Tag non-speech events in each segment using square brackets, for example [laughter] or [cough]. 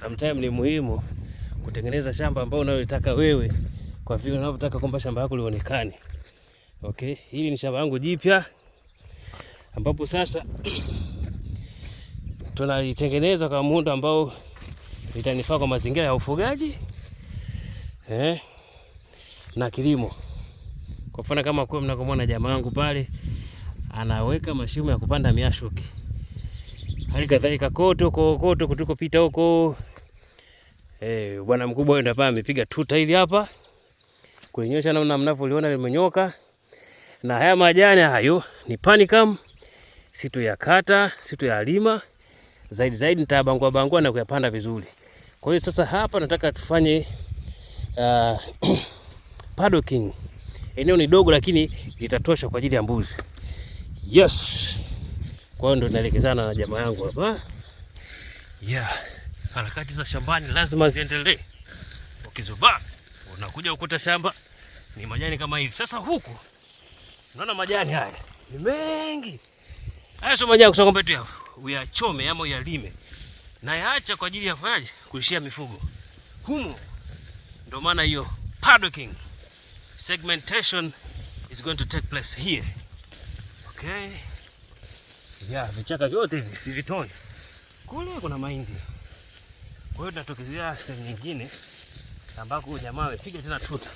Sometimes ni muhimu kutengeneza shamba ambao unalotaka wewe kwa vile unavyotaka kwamba shamba lako lionekane. Okay, hili ni shamba langu jipya ambapo sasa [clears throat] tunalitengeneza kwa muundo ambao litanifaa kwa mazingira ya ufugaji eh, na kilimo. Kwa mfano kama kwa mnakomona jamaa wangu pale anaweka mashimo ya kupanda miashuki, hali kadhalika koto kokoto pita huko Eh, bwana mkubwa huyo ndio hapa amepiga tu hivi hapa. Kuonyesha namna mnavyoliona limenyoka. Na haya majani hayo ni panicum, situ ya kata, situ ya lima. Zaidi zaidi nitabangua bangua na kuyapanda vizuri. Kwa hiyo sasa hapa nataka tufanye uh, ah, [clears throat] paddocking. Eneo ni dogo lakini litatosha kwa ajili ya mbuzi. Yes. Kwa hiyo ndo naelekezana na jamaa yangu hapa. Yeah harakati za shambani lazima ziendelee. Ukizubaa unakuja ukuta shamba ni majani kama hivi. Sasa huku unaona majani haya ni mengi, haya sio majani kusema kwamba tu uyachome ama uyalime na yaacha kwa ajili ya kufanyaje, kulishia mifugo humo. Ndio maana hiyo paddocking segmentation is going to take place here. Okay, yeah, vichaka vyote hivi sivitoni. Kule kuna mahindi. Kwa hiyo tunatokezea sehemu nyingine ambako jamaa amepiga tena tuta.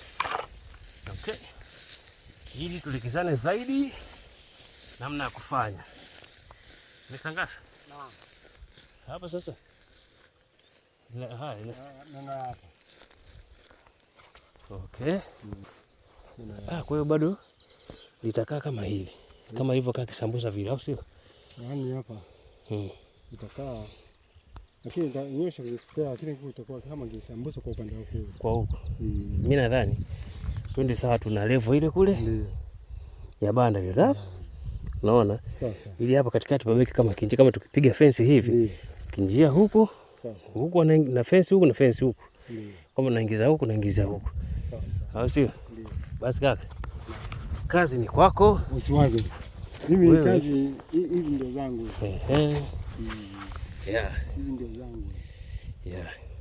Okay. Ili tulikizane zaidi namna ya kufanya. Umesangasha? Naam. Hapa sasa. Na ha, ile. Eh, Na hapa. Okay. Ah, kwa hiyo bado litakaa kama hivi. Kama ilivyokaa kisambusa vile au sio? Yaani hapa. Hmm. Itakaa lakini itanyesha kwenye spea, lakini nguo itakuwa kama ngisambusa kwa upande wako kwa huko mm. Mimi nadhani twende sawa, tuna level ile kule Ndiyo. ya banda ile yeah. Unaona sasa, ili hapa katikati pabeki kama kinje, kama tukipiga fence hivi Ndiyo. kinjia huko sasa, huko na, na fence huko na fence huko, kama naingiza huko naingiza huko, sasa, au sio? Basi kaka, kazi ni kwako, usiwaze mimi. Kazi hizi ndio zangu. Ehe. Mm hizi yeah. Ndio zangu yeah.